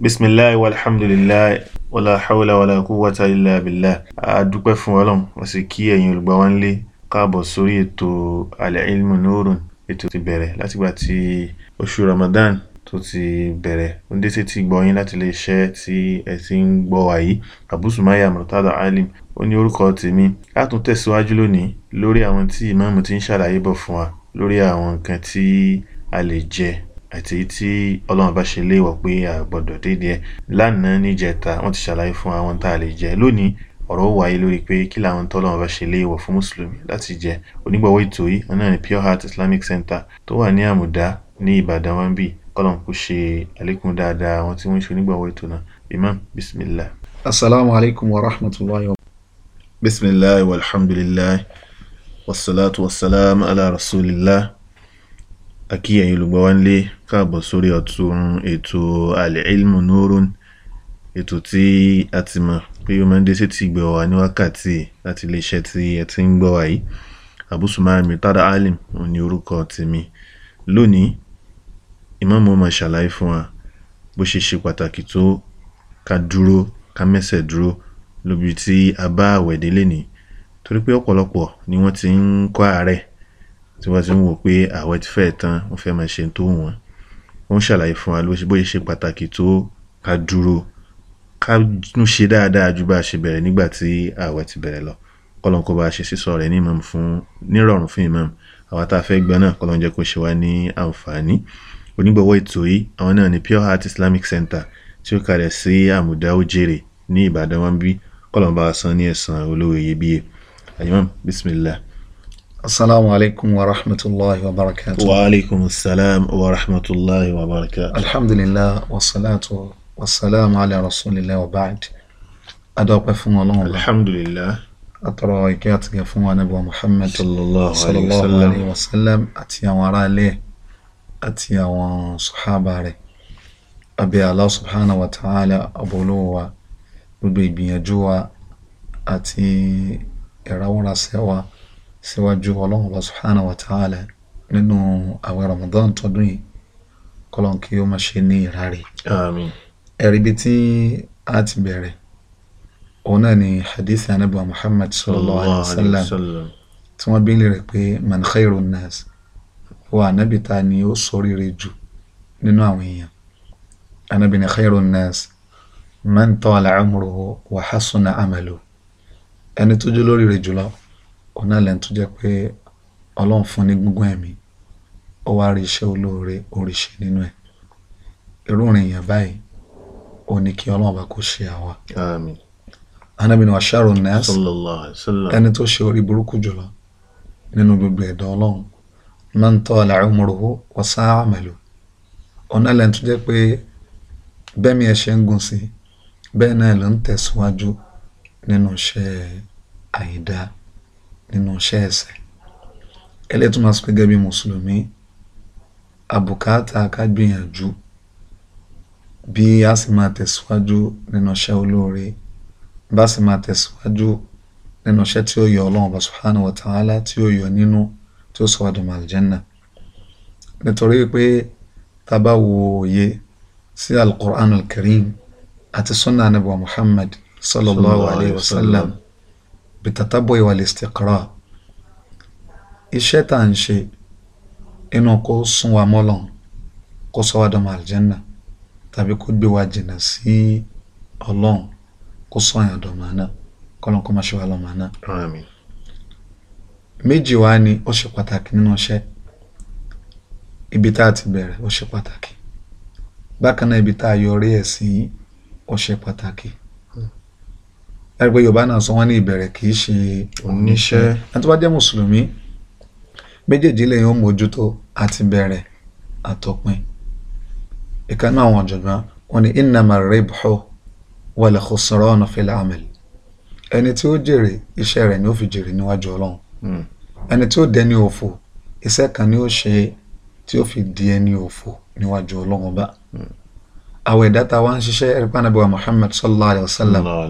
بسم الله والحمد لله ولا حول ولا قوة إلا بالله adúpẹ́ fún ọlọ́run wọ́n sì kí ẹ̀yin olùgbọ́ wa nílé káàbọ̀ sórí ètò Al-Ilmu Nurun ètò ti bẹ̀rẹ̀ látìgbà tí oṣù Ramadan tó ti bẹ̀rẹ̀ ó ń dé sétí gbọ́yìn láti ilé iṣẹ́ tí ẹ ti ń gbọ́ wa yìí Abu Sumaya Murtada Alim ó ní orúkọ tèmi a tún tẹ̀síwájú lónìí lórí àwọn tí ìmáàmù ti ń ṣàlàyé bọ̀ fún wa lórí àwọn nǹkan tí a lè jẹ àti tí ọlọ́run bá ṣe léèwọ̀ pé a gbọ́dọ̀ dédé ẹ̀ lánàá níjẹta wọ́n ti ṣàlàyé fún àwọn tá a lè jẹ lónìí ọ̀rọ̀ wáyé lórí pé kí làwọn tọ́lọ́run bá ṣe léèwọ̀ fún mùsùlùmí láti jẹ onígbọ̀wọ́ ètò yìí wọn náà ní Pure Heart Islamic Center tó wà ní àmùdá ní Ìbàdàn wọn bíi kọ́lọ́n kò ṣe àlékún dáadáa àwọn tí wọ́n ń ṣe onígbọ̀wọ́ ètò náà Imam bismillah. asalaamu alaykum wa rahmatulahi wa. bisimilahi walhamdulilahi wasalaatu wasalaam ala rasulillah a kí ẹ̀yin olùgbọ́ wa nílé káàbọ̀ sórí ọ̀tún ètò Al-Ilmu Nurun ètò tí a ti mọ̀ pé ó máa ń dé sí ti gbọ̀ wá ní wákàtí láti iléeṣẹ́ tí ẹ ti ń gbọ́ wa yìí Abdulsuman Mutada Alim òun ni orúkọ tèmi lónìí ìmáàmù ó máa ṣàlàyé fún wa bó ṣe ṣe pàtàkì tó ká dúró ká mẹ́sẹ̀ dúró lóbi tí a bá àwẹ̀ délé ni torí pé ọ̀pọ̀lọpọ̀ ni wọ́n ti ń kó àárẹ̀ tí wọ́n ti ń wò pé àwẹ̀ ti fẹ́ tán wọ́n fẹ́ máa ṣe tó wọn wọ́n ṣàlàyé fún wa ló ṣe bóyá ṣe pàtàkì tó ká dúró ká tún ṣe dáadáa ju bá a ṣe bẹ̀rẹ̀ nígbà tí àwẹ̀ ti bẹ̀rẹ̀ lọ kọ́lọ́n kó bá a ṣe sísọ rẹ̀ ní imam fún nírọ̀rùn fún imam àwa tá a fẹ́ gbọ́n náà kọ́lọ́n jẹ́ kó ṣe wá ní àǹfààní onígbọ̀wọ́ ètò yìí àwọn náà ni Pure Heart Islamic Center tí ó kalẹ̀ sí àmùdá òjèrè ní Ìbàdàn wọn bí kọ́lọ́n bá a san ní ẹ̀san olówó iyebíye ayimam bismillah. السلام عليكم ورحمة الله وبركاته وعليكم السلام ورحمة الله وبركاته الحمد لله والصلاة والسلام على رسول الله وبعد أدعوك فون الله الحمد لله أترى إكات نبي محمد صلى الله, صلى الله عليه, وسلم أتيا وراء له أتيا وصحابة أبي الله سبحانه وتعالى أبولوا gbogbo ìgbìyànjú wa àti ìrawọ́ra sẹ́wàá síwájú ọlọ́run ọba subhanahu wa ta'ala nínú àwẹ̀ ramadan tọdún yìí kọlọ́n kí ó má ṣe ní ìráre. àmín. ẹ̀rí ibi tí a ti bẹ̀rẹ̀ òun náà ni hadith anabi muhammad sallallahu alayhi wa sallam tí wọ́n bí lè rẹ̀ pé man khairu nas wa anabi ta ni ó ṣoríire jù nínú àwọn èèyàn anabi ni khairu nas man tala umruhu wa hasuna amalu ẹni tó jẹ́ lóríire jùlọ Ona náà lẹ́nu tó jẹ́ pé ọlọ́run fún ní gúngún ẹ̀mí ó wá rí iṣẹ́ olóore oríṣi nínú ẹ̀ irú ìrìn yẹn báyìí ó ní kí ọlọ́run bá kó ṣe àwa. àmín. anábì ní wàṣàrò nẹ́ẹ̀s ẹni tó ṣe orí burúkú jùlọ nínú gbogbo ẹ̀dá ọlọ́run máa ń tọ́ àlàyé òmùrùwó wọ́n sá àmàlò òun náà tó jẹ́ pé bẹ́ẹ̀mi ẹ̀ ń gùn sí bẹ́ẹ̀ náà ló ń tẹ̀síwájú nínú iṣẹ́ àìdáa nínú iṣẹ́ ẹ̀ṣẹ̀ eléyìí túmọ̀ sí pé gẹ́gẹ́ bí mùsùlùmí àbùkátà ká gbìyànjú bí a sì máa tẹ̀síwájú nínú iṣẹ́ olóore bá sì máa tẹ̀síwájú nínú iṣẹ́ tí ó yọ ọlọ́run ọba subhanahu wa ta'ala tí ó yọ nínú tí ó sọ àdùnmọ̀ àlìjẹ́nà nítorí pé tá bá wo òye sí al-Qur'an àti sunnah anabi wa Muhammad sallallahu alayhi wa sallam bitatabui walistiqra iṣẹ́ tá à ń ṣe inú kó sún wa mọ́lọ́n kó sọ wá dọmọ àlìjẹ́nà tàbí kó gbé wa jìnnà sí ọlọ́run kó sọ àyàn dọmọ àná kọ́lọ́n kó má ṣe wá lọ́mọ àná. àmín. méjì wá ni ó ṣe láti pé yorùbá náà sọ wọ́n ní ìbẹ̀rẹ̀ kì í ṣe oníṣẹ́ àti wọ́n jẹ́ mùsùlùmí méjèèjì lẹ́yìn ó mójútó àti bẹ̀rẹ̀ àtọpin ìkànnì àwọn ọ̀jọ̀gbọ́n wọn ni innama ribhu wal khusranu fil amal ẹni tí ó jèrè iṣẹ́ rẹ̀ ni ó fi jèrè níwájú ọlọ́run hmm. ẹni tí ó dẹni òfò iṣẹ́ kan ni ó ṣe tí ó fi di ẹni òfò níwájú ọlọ́run bá. Mm àwọn ẹ̀dá tá a wá ń ṣiṣẹ́ ẹ̀rípa nàbí wa Muhammad sallallahu alayhi wa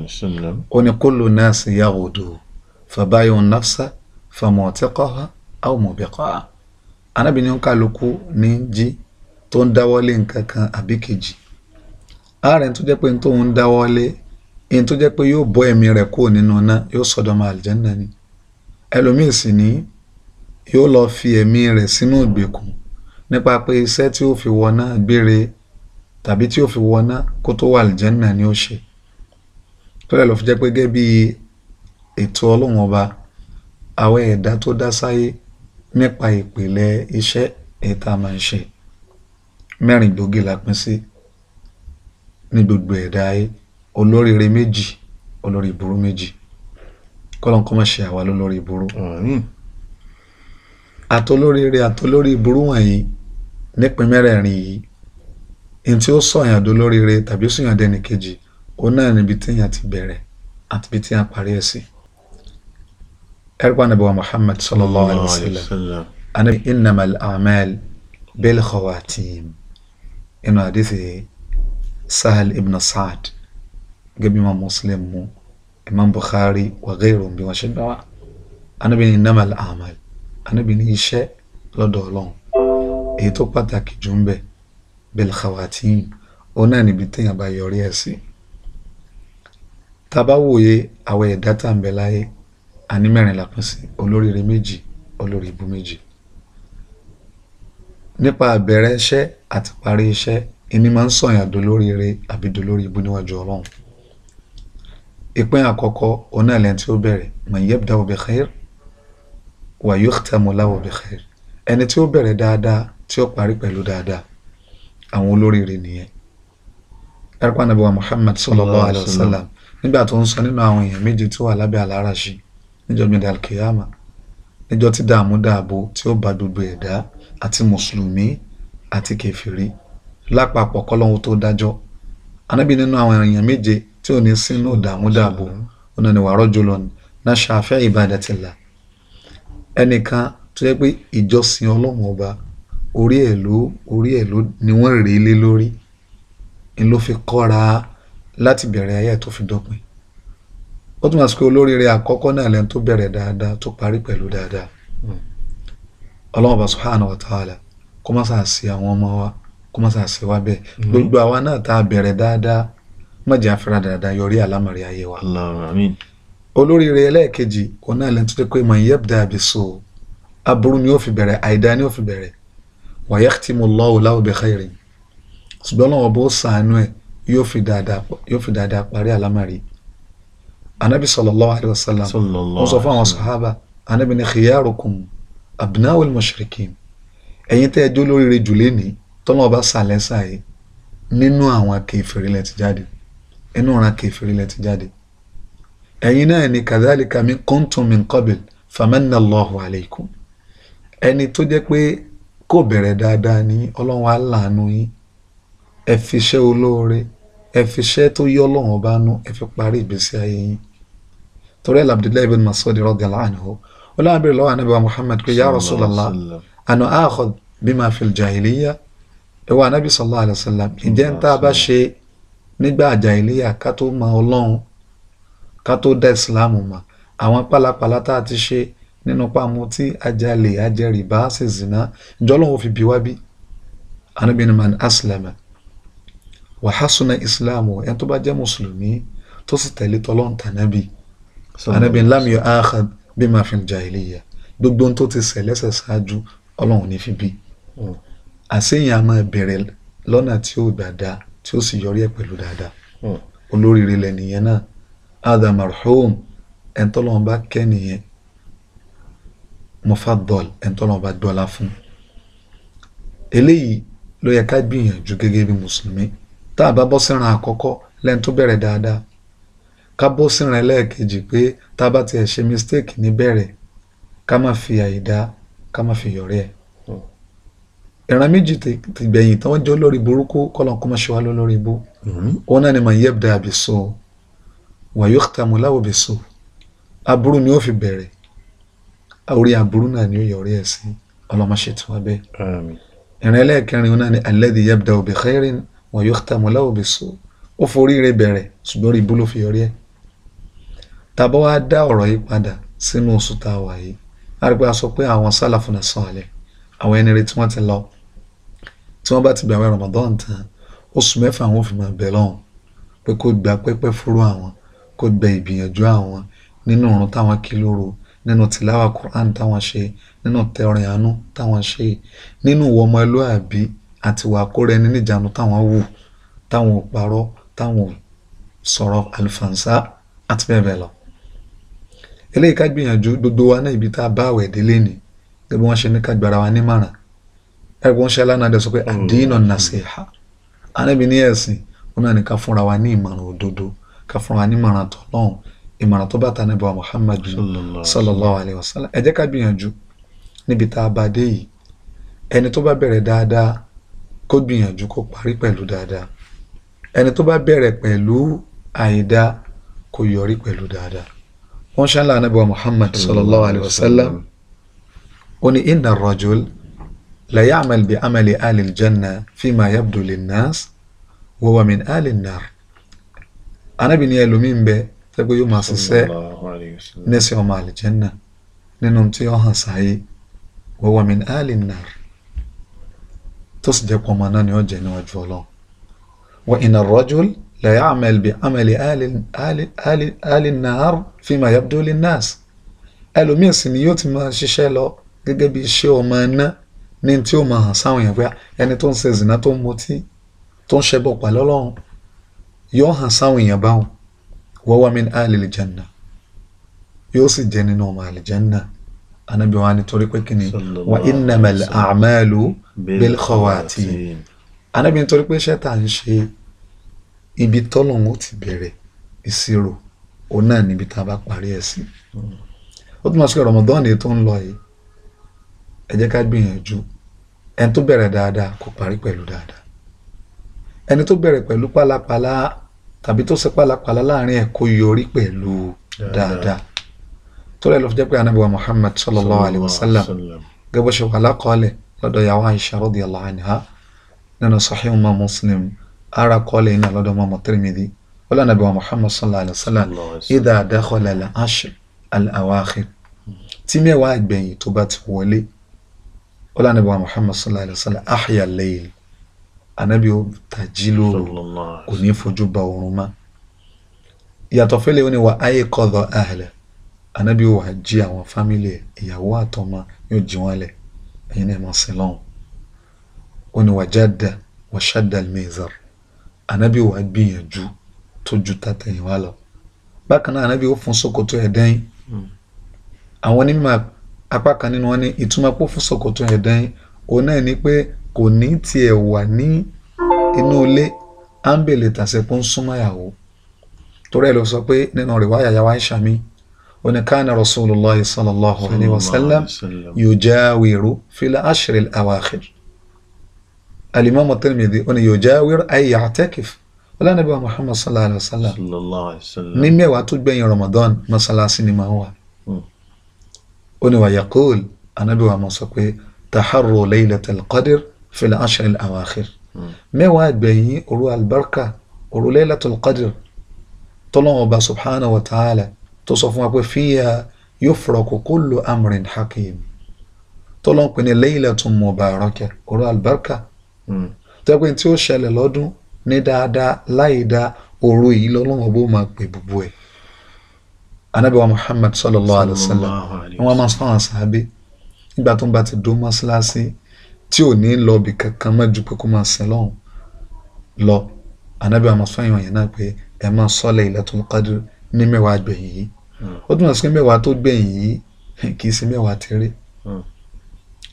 sallam ó ní kullu nasi yaghdu fabayu nafsa famutiqaha aw mubiqaha anábìnrin kálukú ní jí tó ń dáwọ́lé nǹkan kan àbí kejì ààrẹ tó jẹ́ pé n tó ń dáwọ́lé n tó jẹ́ pé yóò bọ́ ẹ̀mí rẹ̀ kúrò nínú iná yóò sọ̀dọ̀ ọmọ àlìjẹ́nà ni ẹlòmíì sì ní yóò lọ fi ẹ̀mí rẹ̀ sínú ìgbèkùn nípa pé iṣẹ́ tí ó fi wọ náà gbére tàbí tí ó fi wọná kó tó wà àlìjẹ́nà ni ó ṣe tọ́lẹ̀ ló fi jẹ́ pé gẹ́gẹ́ bí ètò ọlọ́run ọba àwọn ẹ̀dá tó dá sáyé nípa ìpìlẹ̀ iṣẹ́ èyí tá a máa ń ṣe mẹ́rin gbòógì la pín sí ní gbogbo ẹ̀dá ayé olóríire méjì olórí ìburú méjì kọ́lọ́n kọ́ ṣe àwa lólórí ìburú. àtolóríire àtolórí ìburú wọ̀nyí nípìn yìí n tí ó sọ̀yàn dolóríire tàbí ó sọ̀yàn dẹni kejì òun náà níbi téèyàn ti bẹ̀rẹ̀ àti ibi téèyàn parí ẹ̀ sí. ẹ̀rọ̀pá nàbẹ̀ wa Muhammad sallallahu alayhi wa sallam anabi innamal a'mal bil khawatim inú àdìsí Sahal ibn Sa'ad gẹ́gẹ́ bí wọn Muslim mu Imam Bukhari wa ghayrihim bí wọ́n ṣe gbà wá anabi innamal a'mal anabi ní iṣẹ́ lọ́dọ̀ Ọlọ́run èyí tó pàtàkì jù ń bẹ́ẹ̀ belkhawatim ona ni níbi téèyàn bá yọrí ẹ̀ sí tá a bá wòye àwọn ẹ̀dá tá à ń bẹ láyé àní mẹ́rin la pín sí olóríire méjì olórí ibú méjì nípa àbẹ̀rẹ̀ iṣẹ́ àti parí iṣẹ́ ẹni máa ń sọ̀yàn dolóríire àbí dolórí ibú níwájú ọlọ́run ìpín àkọ́kọ́ òun náà lẹ́yìn tí ó bẹ̀rẹ̀ bi khair wa yukhtamu lahu bi khair ẹni tí ó bẹ̀rẹ̀ dáadáa tí ó parí pẹ̀lú dáadáa àwọn olóríire nìyẹn dárípà nàbẹ̀wá Muhammad sallallahu alayhi wa sallam nígbà tó ń sọ nínú àwọn èèyàn méje tó wà lábẹ́ àláràṣì níjọ́ gbẹ̀dẹ̀ alkiyama níjọ́ tí dààmú dààbò tí ó ba gbogbo ẹ̀dá àti mùsùlùmí àti kẹfìrí lápapọ̀ kọ́lọ́hún tó dájọ́ anábì nínú àwọn èèyàn méje tí ò ní sínú dààmú dààbò ọ̀nà ni wàá rọ́jò lọ́nà náà ṣàfẹ́ ìbàdàtìlà ẹnìkan tó yẹ pé ìjọsìn ọlọ́run ọba orí ẹ̀ ló orí ẹ̀ ló ni wọ́n rèé lé lórí ni ló fi kọ́ra láti bẹ̀rẹ̀ ayé tó fi dópin ó túmọ̀ sí pé olóríire àkọ́kọ́ náà lẹ́nu tó bẹ̀rẹ̀ dáadáa tó parí pẹ̀lú dáadáa ọlọ́run bá subhanahu wa ta'ala kó má sàá sí àwọn ọmọ wa kó má sàá sí wa bẹ́ẹ̀ mm. gbogbo àwa náà tá a bẹ̀rẹ̀ dáadáa má jẹ́ àfẹ́rà dáadáa yọrí àlámọ̀rí ayé wa. olóríire ẹlẹ́ẹ̀kejì òun náà lẹ́nu tó dé pé man yabda bisu aburú ni ó fi bẹ̀rẹ̀ àìdá ni ó fi bẹ̀rẹ̀ wàyẹ́kìtìmù lọ́wọ́ láwùbẹ̀ kẹ́rì ṣùgbọ́n lọ́wọ́ bó sàánú ẹ̀ yóò fi dáadáa parí àlámàrí anabi sallallahu alayhi wa sallam wọ́n sọ fún àwọn sahaba anabi ni khiyarukum abnawul mushrikin ẹ̀yin tẹ́ ẹ jó lóríire jù lẹ́ni tọ́lọ́wọ́ bá sàlẹ̀ sáyé nínú àwọn kèfèrí lẹ ti jáde inú ọ̀ràn kèfèrí lẹ ti jáde ẹ̀yin náà ni kadhalika min kuntum min qabl famanna Allahu alaykum ẹni tó jẹ́ pé kò bẹ̀rẹ̀ dáadáa ni yín ọlọ́run á làánú yín ẹ fi iṣẹ́ olóore ẹ fi iṣẹ́ tó yọ ọlọ́run ọba nú ẹ fi parí ìgbésí ayé yín torí ẹ̀ Abdullahi ibn Mas'ud radiyallahu anhu ọlọ́run abẹ́rẹ́ lọ́wọ́ anábẹ́wà Muhammad pé ya Rasulullah àná àkọ́ bima fil jahiliya ẹ wá anábì sallallahu alayhi wa sallam ìjẹ́ ń tá a bá ṣe nígbà jahiliya ká tó mọ ọlọ́run ká tó dá ìsìlámù mọ́ àwọn pálapàla tá a ti ṣe nínú pàmùtí ajalè ajẹrìbá ṣe zina ǹjọ́ lọ́wọ́ fi bí wá bí anabi ni man aslama wàhásùnà ìsìláàmù ẹni tó bá jẹ́ mùsùlùmí tó sì tẹ̀lé tọ́lọ́ǹtà nábì anabi lam yu akhad bima fil jahiliya gbogbo ohun tó ti ṣẹlẹ́sẹ̀ ṣáájú ọlọ́run ní fi bí hmm. àṣeyàn a máa bẹ̀rẹ̀ lọ́nà tí ó gbà dáa tí ó sì yọrí ẹ̀ pẹ̀lú dáadáa hmm. olóríire lẹ́nìyẹn náà adam marhum ẹni tọ́lọ́run bá kẹ́ nìyẹn mufaddal ẹni tọ́lọ́ bá dọ́lá fún eléyìí ló yẹ ká gbìyànjú gẹ́gẹ́ bí mùsùlùmí tá a bá bọ́ síran àkọ́kọ́ lẹ́ni tó bẹ̀rẹ̀ dáadáa ká bọ́ síran ẹlẹ́ẹ̀kejì pé tá a bá tiẹ̀ ṣe mistake níbẹ̀rẹ̀ ká má fi àìdá ká má fi yọ̀rẹ́ ẹ̀ ìran méjì ti gbẹ̀yìn tí wọ́n jẹ́ olórí burúkú kọ́lọ́n kó má ṣe wá lórí ibú òun náà ni mà yẹ́bùdà àbìsọ wàyó tàmúláwò bìsọ aburú ni ó fi bẹ̀rẹ̀ orí aburú náà ni ó yọ orí ẹ̀ sí ọlọ́mọ ṣètò wa bẹ́ẹ̀. ìrìn ẹlẹ́ẹ̀kẹrin náà ni alladhi yabda'u bi khairin wa yukhtamu lahu bisu' ó forí rẹ̀ bẹ̀rẹ̀ ṣùgbọ́n orí ibú ló fi yọrí ẹ̀. tàbá wa dá ọ̀rọ̀ yìí padà sínú oṣù tá a wà yìí a rí pé a sọ pé àwọn sálàfúnà sàn àlẹ́ àwọn ẹni rẹ̀ tí wọ́n ti lọ tí wọ́n bá ti gbàwé Ramadan tán oṣù mẹ́fà àwọn òfin máa bẹ̀ lọ́hùn pé kó gba pẹ́pẹ́ fúrú àwọn kó gba ìgbìyànjú àwọn nínú ọ̀run táwọn kí lóru nínú tìláwà Quran táwọn ṣe nínú tẹrin àánú táwọn ṣe nínú ìwà ọmọlúàbí àti ìwà àkórẹ ẹni níjànú táwọn wù táwọn ò parọ́ táwọn ò sọ̀rọ̀ àlùfànṣá àti bẹ́ẹ̀ bẹ́ẹ̀ lọ. eléyìí ká gbìyànjú gbogbo wa náà ibi tá a bá àwẹ̀ délé ni gẹ́gẹ́ bí wọ́n ṣe ní ká gbára wa nímọ̀ràn ẹ̀gbọ́n ṣe lánàá dẹ̀ sọ pé àdínà nàṣẹ̀hà anábì ní ẹ̀sìn wọn náà ní ká fúnra wa ní ìmọ̀ràn òdodo ká fúnra wa ní ìmọ̀ràn tọ́lọ́hún ìmọ̀ràn tó bá ta ní bọ́ọ̀ Muhammad sallallahu alayhi wa sallam ẹ jẹ́ ká gbìyànjú níbi tá a bá dé yìí ẹni tó bá bẹ̀rẹ̀ dáadáa kó gbìyànjú kó parí pẹ̀lú dáadáa ẹni tó bá bẹ̀rẹ̀ pẹ̀lú àìdá kó yọrí pẹ̀lú dáadáa wọ́n ṣàlàyé ní bọ́ọ̀ Muhammad sallallahu alayhi wa sallam ó ní inna ar-rajul la ya'mal bi amali janna fima yabdu lin min alin nar anábìnrin ẹlòmíín bẹ́ẹ̀ tẹ́gbẹ́ yóò máa ṣiṣẹ́ lẹ́sẹ̀ ọmọ àlìjẹ́nà nínú tí ó hàn sáyé wọ́wọ́ min áàlì nàr tó sì jẹ́ pọ̀ ọmọ náà ni ó jẹ́ níwájú ọlọ́run wa inna ar-rajul la ya'mal bi 'amali áàlì nàr fima yabdu lin-nas ẹlòmíì sì ni yóò ti máa ṣiṣẹ́ lọ gẹ́gẹ́ bí iṣẹ́ ọmọ náà ní tí ó máa hàn sáwọn èèyàn pé ẹni tó ń ṣe zìnà tó ń mutí tó ń ṣẹbọ pẹ̀lú yóò hàn sáwọn èèyàn báwọn wọ́wọ́ min ahli aljanna yóò sì jẹ́ nínú ọmọ aljanna anabi wa ni torí pé kíni wa innamal a'malu bil khawatim anabi nítorí pé iṣẹ́ tá à ń ṣe ibi tọ́lọ́hún ó ti bẹ̀rẹ̀ ìṣirò òun náà níbi tá a bá parí ẹ̀ sí ó tún máa ṣe Ramadan tó ń lọ yìí ẹ jẹ́ ká gbìyànjú ẹni tó bẹ̀rẹ̀ dáadáa kó parí pẹ̀lú dáadáa ẹni tó bẹ̀rẹ̀ pẹ̀lú pálapàla tàbí tó ṣe pàlàpàlà láàrin ẹ̀ kó yọrí pẹ̀lú dáadáa torí ẹ̀ ló fi jẹ́ pé anábìwá Muhammad sallallahu alayhi wa sallam gẹ́gẹ́ bó ṣe wà lákọọ́lẹ̀ lọ́dọ̀ yàwó Aisha radiyallahu anha nínú Sahih Imam Muslim ara kọ́ọ́lẹ̀ iná lọ́dọ̀ Imam Tirmidhi wọ́n lọ́nà anábìwá Muhammad sallallahu alayhi wa sallam idha dakhala al-ashr al-awakhir tí mẹ́wàá ìgbẹ̀yìn tó bá ti wọlé wọ́n lọ́nà anábìwá Muhammad sallallahu alayhi wa sallam ahya al anabi ó tají lóru kò ní fojú ba oorun mọ́ ìyàtọ̀ fẹ́lẹ̀ ó ní wa ayé kọ́dọ̀ ahẹ́lẹ̀ anabi ó wà jí àwọn fámìlì ẹ̀ ìyàwó àtọmọ yóò jí wọn lẹ̀ ẹ̀yin náà máa sin lọ́hùn ó wa jáde wa ṣáda mẹ́zàr anabi ó gbìyànjú tó ju tàtẹ̀yìn wa lọ bákan náà anabi ó fún ṣòkòtò ẹ̀ hmm. àwọn onímọ̀ apá kan nínú wọn ní ìtumọ̀ pọ̀ fún ṣòkòtò ẹ̀ òun náà ní pé kò ní tiẹ̀ wà ní inú ilé áńbẹ̀lẹ̀ tàṣẹ̀pọ̀ ń súnmọ́ ìyàwó torí ẹ̀ ló sọ pé nínú rẹ̀ wáyà yàwá Aisha mi ó ní káàna rasulullah sallallahu alayhi wa sallam yujawiru fil ashri al-awakhir al-imam at-Tirmidhi ó ní yujawiru ay ya'takif ọlọ́nàbíwá muhammad sallallahu alayhi wa sallam ní mẹ́wàá tó gbẹ̀yìn ramadan masalasi ni máa wà hmm. ó ní wàyà kóòl anábíwá sọ pé taharru laylatul qadr fìlà aṣèrìn àwàkìr mẹ́wàá gbẹ̀yìn òru albarka òru laylatul qadr tọ́lọ́wọ́n ọba subhanahu wa ta'ala tó sọ fún wa pé fíya yufraku kullu amrin hakim tọ́lọ́wọ́n pè ní laylatun mubarakah òru albarka hmm. tẹ́gbẹ́ tí ó ṣẹlẹ̀ lọ́dún ní dáadáa láì dáa òru yìí lọ́lọ́wọ́n bó máa pè bùbù ẹ̀ anabi wa muhammad sallallahu alayhi wa sallam wọn máa sọ àwọn sàábé nígbà tó ń bá ti dó mọ́ṣáláṣí tí ò ní lọ bì kankan mọ́ ju pé kó máa sin lọ́hùn lọ ànábì àmọ́ sọ àyàn yẹn náà pé ẹ máa sọ Laylatul Qadr ní mẹ́wàá gbẹ̀yìn yìí hmm. ó dùn sí mẹ́wàá tó gbẹ̀yìn yìí kì í ṣe mẹ́wàá tẹ́rẹ́ hmm.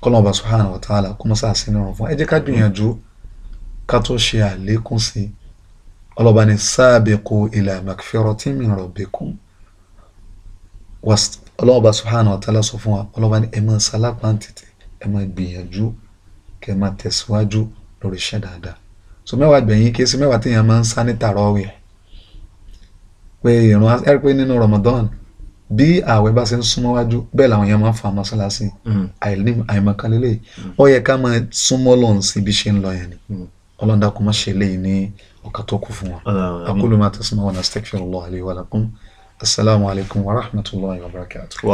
kọ́lọ́n ọba subhanahu wa ta'ala kó mọ́sá sí nírun fún ẹ jẹ́ ká gbìyànjú ká tó ṣe àlékún sí ọlọ́ba ní sabiqu ila magfiratin min rabbikum ọlọ́ba subhanahu wa ta'ala sọ fún wa ọlọ́ba ní ẹ máa sálápá tètè ẹ máa gbìyànjú kẹ́ máa tẹ̀síwájú lórí iṣẹ́ dáadáa so mẹ́wàá gbẹ̀yìn kí sí mẹ́wàá téèyàn máa ń sá ní tààrọ̀ ẹ̀ pé ìrún ẹ rí pé nínú Ramadan bí ààwẹ̀ bá ṣe ń súnmọ́ wájú bẹ́ẹ̀ làwọn èèyàn máa ń fa mọ́ṣáláṣí hmm. àìmọ̀kálélẹ̀ hmm. ó yẹ ká máa súnmọ́ lọ́n sí ibi ṣe ń lọ yẹn ni hmm. ọlọ́dà kò má ṣe léyìí ní ọ̀kà tó kù fún wa aqulu ma tasma'una astaghfirullah